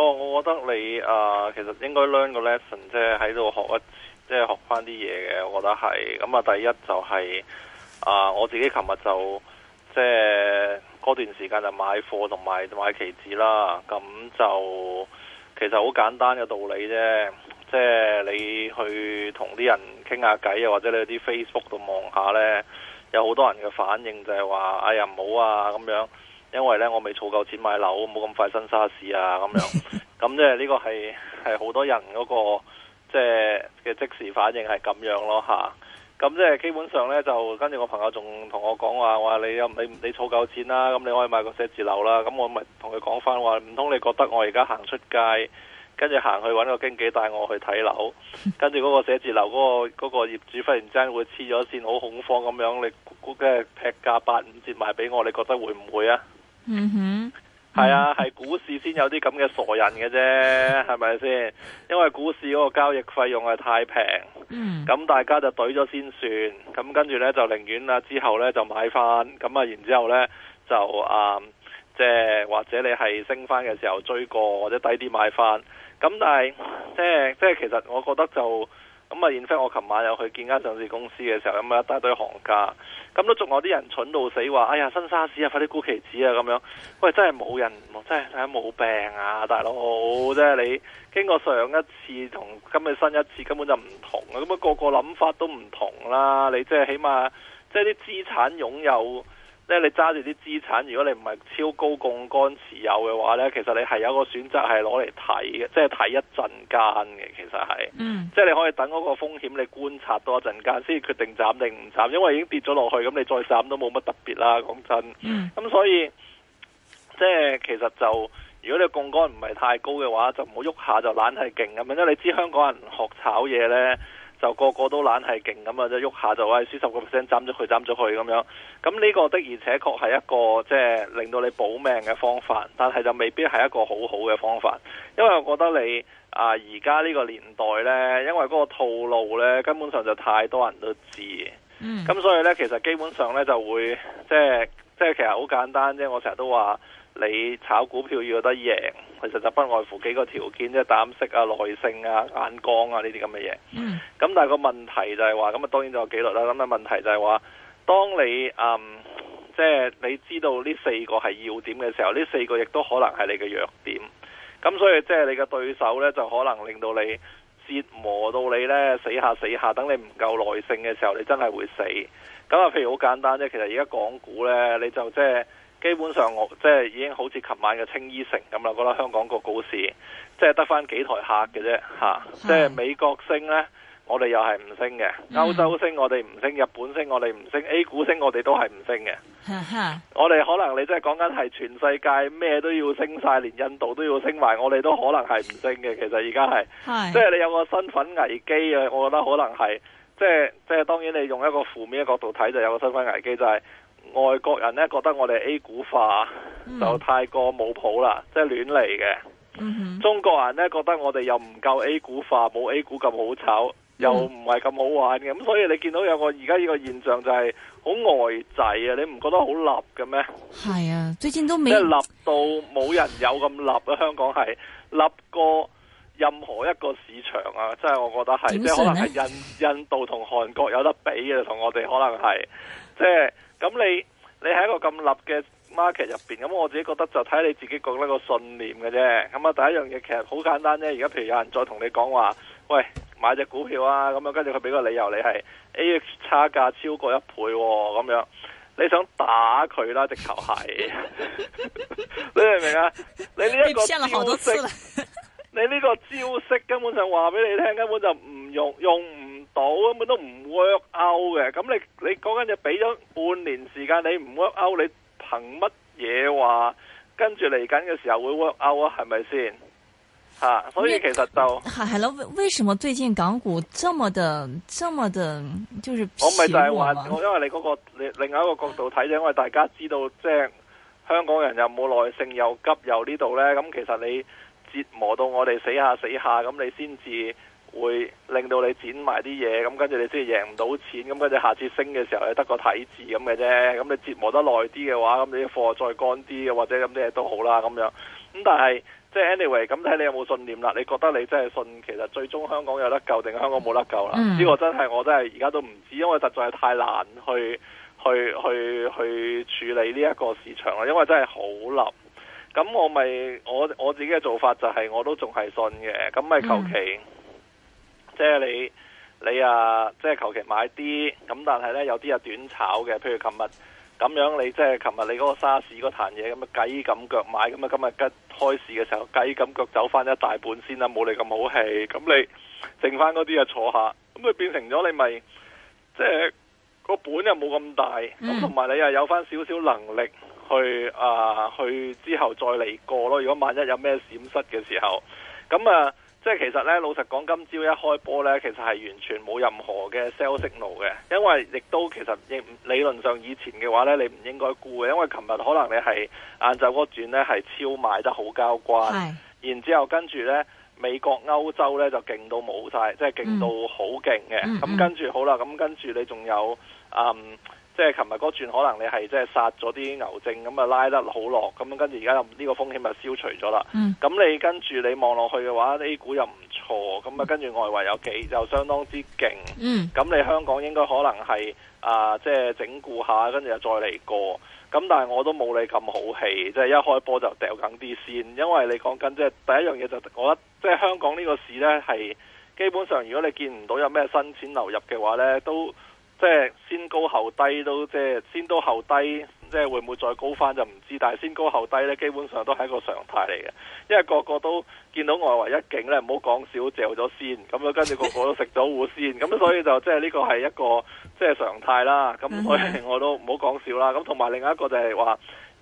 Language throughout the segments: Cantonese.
我我覺得你啊、呃，其實應該 learn 個 lesson 即啫，喺度學一即係、就是、學翻啲嘢嘅，我覺得係。咁、嗯、啊，第一就係、是、啊、呃，我自己琴日就即係嗰段時間就買貨同埋買期指啦。咁就其實好簡單嘅道理啫，即、就、係、是、你去同啲人傾下偈啊，或者你喺啲 Facebook 度望下呢，有好多人嘅反應就係話：哎呀，唔好啊咁樣，因為咧我未儲夠錢買樓，冇咁快新沙士啊咁樣，咁即係呢個係係好多人嗰個即係嘅即時反應係咁樣咯吓，咁即係基本上咧就跟住我朋友仲同我講話話你你你儲夠錢啦，咁你可以買個寫字樓啦，咁我咪同佢講翻話，唔通你覺得我而家行出街，跟住行去揾個經紀帶我去睇樓，跟住嗰個寫字樓嗰個嗰個業主忽然間會黐咗線，好恐慌咁樣，你估計劈價八五折賣畀我，你覺得會唔會啊？嗯哼，係、mm hmm. mm hmm. 啊，係股市先有啲咁嘅傻人嘅啫，係咪先？因為股市嗰個交易費用係太平，咁、mm hmm. 大家就懟咗先算，咁跟住呢，就寧願啦，之後呢就買返。咁啊，然之後呢就啊，即係或者你係升返嘅時候追過，或者低啲買返。咁但係即係即係其實我覺得就。咁啊！然之後我琴晚又去見間上市公司嘅時候，咁啊一大堆行家，咁都仲有啲人蠢到死話：哎呀，新沙士啊，快啲沽期指啊！咁樣，喂，真係冇人，真係睇下冇病啊，大佬！真係你經過上一次同今日新一次根本就唔同啊！咁啊個個諗法都唔同啦，你即係起碼即係啲資產擁有。即係你揸住啲資產，如果你唔係超高槓桿持有嘅話呢，其實你係有個選擇係攞嚟睇嘅，即係睇一陣間嘅，其實係。嗯。即係你可以等嗰個風險，你觀察多一陣間先決定斬定唔斬，因為已經跌咗落去，咁你再斬都冇乜特別啦，講真。咁、嗯、所以，即係其實就如果你槓桿唔係太高嘅話，就唔好喐下就懶係勁咁樣，因為你知香港人學炒嘢呢。就個個都懶係勁咁啊！即喐下就啊，輸十個 percent，斬咗佢，斬咗佢咁樣。咁呢個的而且確係一個即係、就是、令到你保命嘅方法，但係就未必係一個好好嘅方法，因為我覺得你啊而家呢個年代呢，因為嗰個套路呢，根本上就太多人都知，咁、mm. 所以呢，其實基本上呢就會即係即係其實好簡單啫，我成日都話。你炒股票要得贏，其實就不外乎幾個條件啫，即係膽色啊、耐性啊、眼光啊呢啲咁嘅嘢。嗯。咁、mm. 但係個問題就係話，咁啊當然就有紀律啦。咁啊問題就係話，當你嗯即係、就是、你知道呢四個係要點嘅時候，呢四個亦都可能係你嘅弱點。咁所以即係你嘅對手呢，就可能令到你折磨到你呢死下死下，等你唔夠耐性嘅時候，你真係會死。咁啊，譬如好簡單啫，其實而家講股呢，你就即、就、係、是。基本上我即係已經好似琴晚嘅青衣城咁啦，覺得香港個股市即係得翻幾台客嘅啫，吓的！即係美國升咧，我哋又係唔升嘅；歐、嗯、洲升我哋唔升，日本升我哋唔升，A 股升我哋都係唔升嘅。的我哋可能你真係講緊係全世界咩都要升晒，連印度都要升埋，我哋都可能係唔升嘅。其實而家係，的即係你有個身份危機啊！我覺得可能係，即係即係當然你用一個負面嘅角度睇就有個身份危機就係、是。外國人咧覺得我哋 A 股化就太過冇譜啦，即係亂嚟嘅。中國人咧覺得我哋又唔夠 A 股化，冇 A 股咁好炒，又唔係咁好玩嘅。咁、嗯、所以你見到有個而家呢個現象就係好呆滯啊！你唔覺得好立嘅咩？係啊，最近都冇即立到冇人有咁立嘅，香港係立過任何一個市場啊！即係我覺得係，即係可能係印印度同韓國有得比嘅，同我哋可能係即係。咁你你喺一個咁立嘅 market 入邊，咁我自己覺得就睇你自己講得個信念嘅啫。咁啊第一樣嘢其實好簡單啫。而家譬如有人再同你講話，喂買隻股票啊，咁樣跟住佢俾個理由你係 A H 差價超過一倍喎，哦，咁樣你想打佢啦，直頭係 你明唔明啊？你呢一個招式， 你呢個招式根本上話俾你聽，根本就唔用用唔。到根本都唔 work out 嘅，咁你你講緊就俾咗半年時間，你唔 work out，你憑乜嘢話跟住嚟緊嘅時候會 work out 啊？係咪先？吓，所以其實就係咯，為為什麼最近港股這麼的，這麼的，就是我咪就係話，我因為你嗰、個，你，另另一個角度睇，因為大家知道，即係香港人又冇耐性又急又呢度呢。咁其實你折磨到我哋死下死下，咁你先至。會令到你剪埋啲嘢，咁跟住你先贏唔到錢，咁跟住下次升嘅時候，你得個體字咁嘅啫。咁你折磨得耐啲嘅話，咁你啲貨再乾啲，嘅，或者咁啲嘢都好啦。咁樣，咁但係即係 anyway，咁睇你有冇信念啦。你覺得你真係信，其實最終香港有得救定香港冇得救啦？呢、mm hmm. 個真係我真係而家都唔知，因為實在係太難去去去去處理呢一個市場啦。因為真係好笠。咁我咪我我自己嘅做法就係、是、我都仲係信嘅，咁咪求其。Mm hmm. 即係你你啊，即係求其買啲咁，但係呢有啲係短炒嘅，譬如琴日咁樣你，即是昨你即係琴日你嗰個沙士嗰壇嘢咁啊，雞咁腳買，咁啊今日吉開市嘅時候雞咁腳走翻一大半先啦，冇你咁好氣，咁你剩翻嗰啲就坐下，咁佢變成咗你咪即係個本又冇咁大，咁同埋你又有翻少少能力去啊去之後再嚟過咯，如果萬一有咩閃失嘅時候，咁啊。即係其實咧，老實講，今朝一開波咧，其實係完全冇任何嘅 sell 路嘅，因為亦都其實亦理論上以前嘅話咧，你唔應該沽嘅，因為琴日可能你係晏晝嗰轉咧係超賣得好交關，然之後跟住咧美國歐洲咧就勁到冇晒，即係勁到好勁嘅，咁跟住好啦，咁跟住你仲有嗯。即係琴日嗰轉，可能你係即係殺咗啲牛證，咁啊拉得好落，咁跟住而家呢個風險咪消除咗啦。咁、嗯、你跟住你望落去嘅話，A 股又唔錯，咁啊跟住外圍有幾就相當之勁。咁、嗯、你香港應該可能係啊、呃，即係整固一下，跟住又再嚟過。咁但係我都冇你咁好氣，即、就、係、是、一開波就掉緊啲先。因為你講緊即係第一樣嘢就是、我覺得即係香港呢個市呢，係基本上如果你見唔到有咩新錢流入嘅話呢，都。即係先高後低都，即係先高後低，後低即係會唔會再高翻就唔知。但係先高後低呢基本上都係一個常態嚟嘅，因為個個都見到外圍一景呢唔好講少嚼咗先，咁樣跟住個個都食咗糊先，咁所以就即係呢個係一個即係常態啦。咁所以我都唔好講少啦。咁同埋另外一個就係話，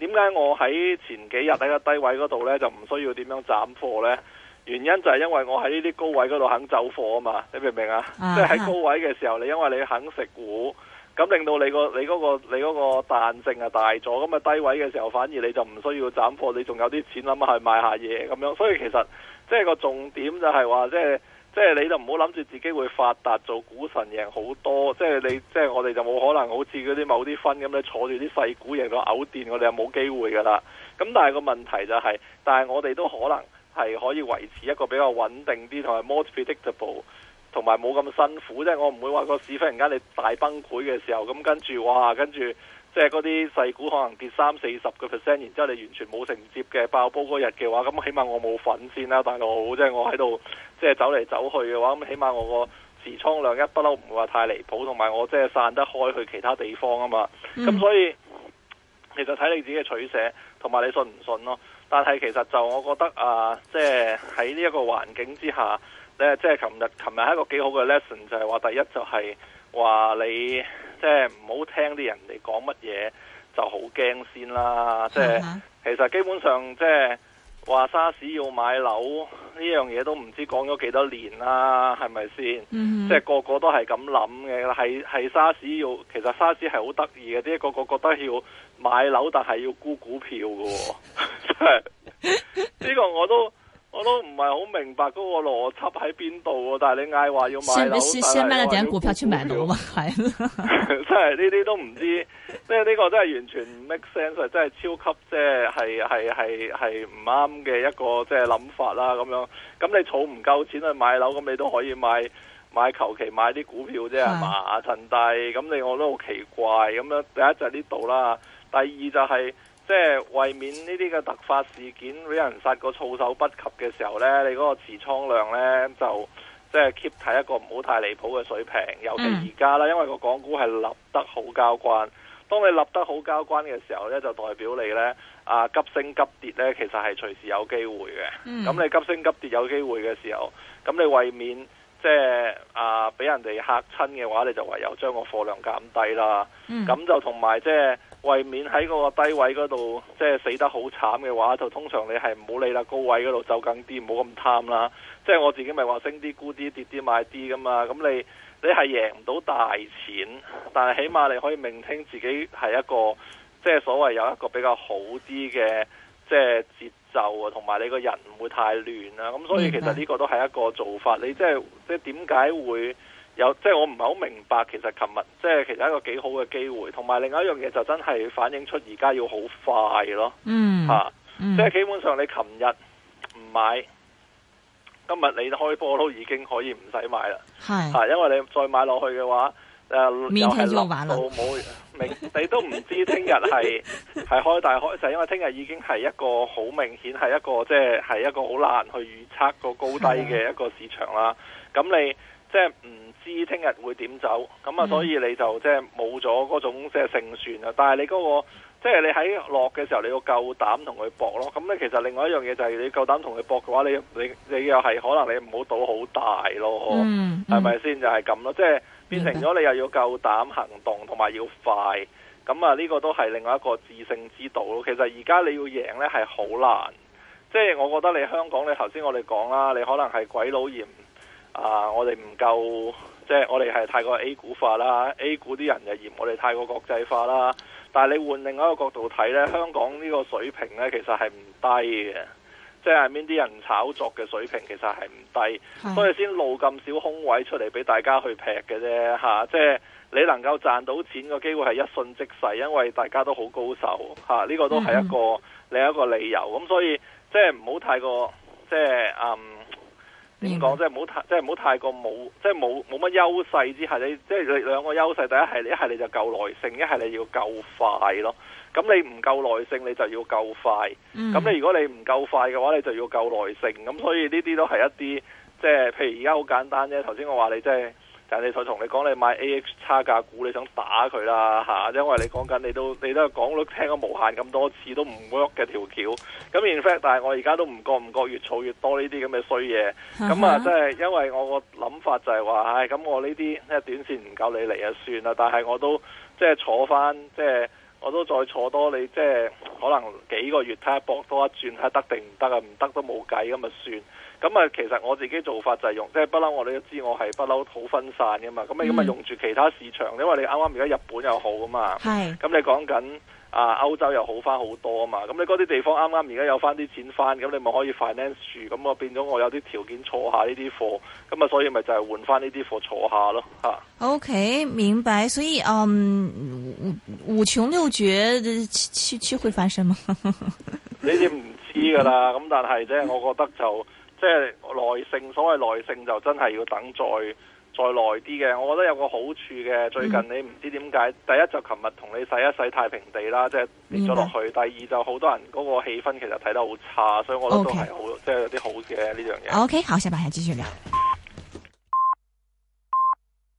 點解我喺前幾日喺個低位嗰度呢，就唔需要點樣斬貨呢？原因就係因為我喺呢啲高位嗰度肯走貨啊嘛，你明唔明啊？即係喺高位嘅時候，你因為你肯食股，咁令到你、嗰個你、嗰個你嗰個彈性啊大咗，咁啊低位嘅時候反而你就唔需要斬貨，你仲有啲錢諗下去買下嘢，咁樣。所以其實即係個重點就係話，即係即係你就唔好諗住自己會發達做股神，贏好多。即係你即係我哋就冇可能好似嗰啲某啲分咁你坐住啲細股贏到偶電，我哋又冇機會噶啦。咁但係個問題就係、是，但係我哋都可能。係可以維持一個比較穩定啲，同埋 more predictable，同埋冇咁辛苦。即係我唔會話個市忽然間你大崩潰嘅時候，咁跟住哇，跟住即係嗰啲細股可能跌三四十個 percent，然之後你完全冇承接嘅爆煲嗰日嘅話，咁起碼我冇份先啦。但係好即係我喺度即係走嚟走去嘅話，咁起碼我個持倉量一不嬲唔會話太離譜，同埋我即係散得開去其他地方啊嘛。咁、嗯、所以其實睇你自己嘅取捨，同埋你信唔信咯。但係其實就我覺得啊，即係喺呢一個環境之下咧，即係琴日琴日係一個幾好嘅 lesson，就係話第一就係話你即係唔好聽啲人哋講乜嘢就好驚先啦。即係其實基本上即係。就是話沙士要買樓呢樣嘢都唔知講咗幾多年啦，係咪先？Hmm. 即係個個都係咁諗嘅，係係沙士要，其實沙士係好得意嘅，啲個個覺得要買樓，但係要沽股票喎。呢 個我都。我都唔係好明白嗰個邏輯喺邊度，但係你嗌話要買樓，先買一點股票去買樓嘛？係啦，即係呢啲都唔知，即係呢個真係完全唔 make sense，真係超級即係係係係唔啱嘅一個即係諗法啦咁樣。咁你儲唔夠錢去買樓，咁你都可以買買求其買啲股票啫係嘛？阿陳弟咁你我都好奇怪咁樣。第一就係呢度啦，第二就係、是。即係為免呢啲嘅突發事件俾人殺個措手不及嘅時候呢，你嗰個持倉量呢，就即係、就是、keep 睇一個唔好太離譜嘅水平，尤其而家啦，因為個港股係立得好交關。當你立得好交關嘅時候呢，就代表你呢啊急升急跌呢，其實係隨時有機會嘅。咁、嗯、你急升急跌有機會嘅時候，咁你為免即係、就是、啊俾人哋吓親嘅話，你就唯有將個貨量減低啦。咁、嗯、就同埋即係。就是為免喺嗰個低位嗰度即係死得好慘嘅話，就通常你係唔好理啦。高位嗰度就緊啲，唔好咁貪啦。即係我自己咪話升啲沽啲跌啲買啲噶嘛。咁你你係贏唔到大錢，但係起碼你可以明聽自己係一個即係所謂有一個比較好啲嘅即係節奏啊，同埋你個人唔會太亂啊。咁所以其實呢個都係一個做法。你即係即係點解會？有即係、就是、我唔係好明白，其實琴日即係其實一個幾好嘅機會，同埋另外一樣嘢就真係反映出而家要好快咯，嗯吓，啊、嗯即係基本上你琴日唔買，今日你開波都已經可以唔使買啦，係吓是、啊，因為你再買落去嘅話，誒、呃、又係落冇明，你都唔知聽日係係開大開細，因為聽日已經係一個好明顯係一個即係係一個好難去預測個高低嘅一個市場啦，咁是你。即係唔知聽日會點走，咁啊，所以你就即係冇咗嗰種即係勝算啊。但係你嗰個即係你喺落嘅時候，你要夠膽同佢搏咯。咁咧，其實另外一樣嘢就係你夠膽同佢搏嘅話，你你你又係可能你唔好賭好大咯，係咪先？就係咁咯。即係變成咗你又要夠膽行動，同埋要快。咁啊，呢個都係另外一個致勝之道咯。其實而家你要贏呢係好難。即係我覺得你香港，你頭先我哋講啦，你可能係鬼佬嫌。啊！Uh, 我哋唔夠，即係我哋係太過 A 股化啦，A 股啲人就嫌我哋太過國際化啦。但係你換另一個角度睇呢，香港呢個水平呢，其實係唔低嘅，即係邊啲人炒作嘅水平其實係唔低，的所以先露咁少空位出嚟俾大家去劈嘅啫吓，即係你能夠賺到錢嘅機會係一瞬即逝，因為大家都好高手吓呢、啊呢個都係一個、嗯、另一個理由。咁所以即係唔好太過即係嗯。就是 um, 點講？即係唔好太，即係唔好太過冇，即係冇冇乜優勢之下即係你，你兩個優勢，第一係一係你就夠耐性，一係你要夠快咯。咁你唔夠耐性，你就要夠快。咁你如果你唔夠快嘅話，你就要夠耐性。咁所以呢啲都係一啲，即係譬如而家好簡單啫。頭先我話你即係。就是但你再同你講，你買 AH 差價股，你想打佢啦吓，因為你講緊你都你都講到聽咗無限咁多次都唔 work 嘅條橋。咁 in fact，但係我而家都唔覺唔覺越儲越多呢啲咁嘅衰嘢。咁、uh huh. 啊，即係因為我個諗法就係話，唉，咁我呢啲即短線唔夠你嚟啊，算啦。但係我都即係坐翻，即係我都再坐多你，即係可能幾個月睇下博多一轉睇下得定唔得啊？唔得都冇計咁啊，算。咁啊，其實我自己做法就係用，即係不嬲，我哋都知我係不嬲好分散噶嘛。咁啊、嗯，咁啊用住其他市場，因為你啱啱而家日本又好嘛，咁是你講緊啊歐洲又好翻好多啊嘛。咁你嗰啲地方啱啱而家有翻啲錢翻，咁你咪可以 finance 住，咁、嗯、我變咗我有啲條件坐下呢啲貨，咁啊所以咪就係換翻呢啲貨坐下咯嚇。OK，明白。所以嗯，五五窮六絕，七七七會發生嗎？呢啲唔知噶啦，咁、嗯、但係即係我覺得就。嗯即係耐性，所謂耐性就真係要等再再耐啲嘅。我覺得有個好處嘅，最近你唔知點解，嗯、第一就琴日同你洗一洗太平地啦，即係跌咗落去。嗯、第二就好多人嗰個氣氛其實睇得好差，所以我覺得都係好，Okay，好，即係有啲好嘅呢樣嘢。OK，好，謝伯，繼續聊。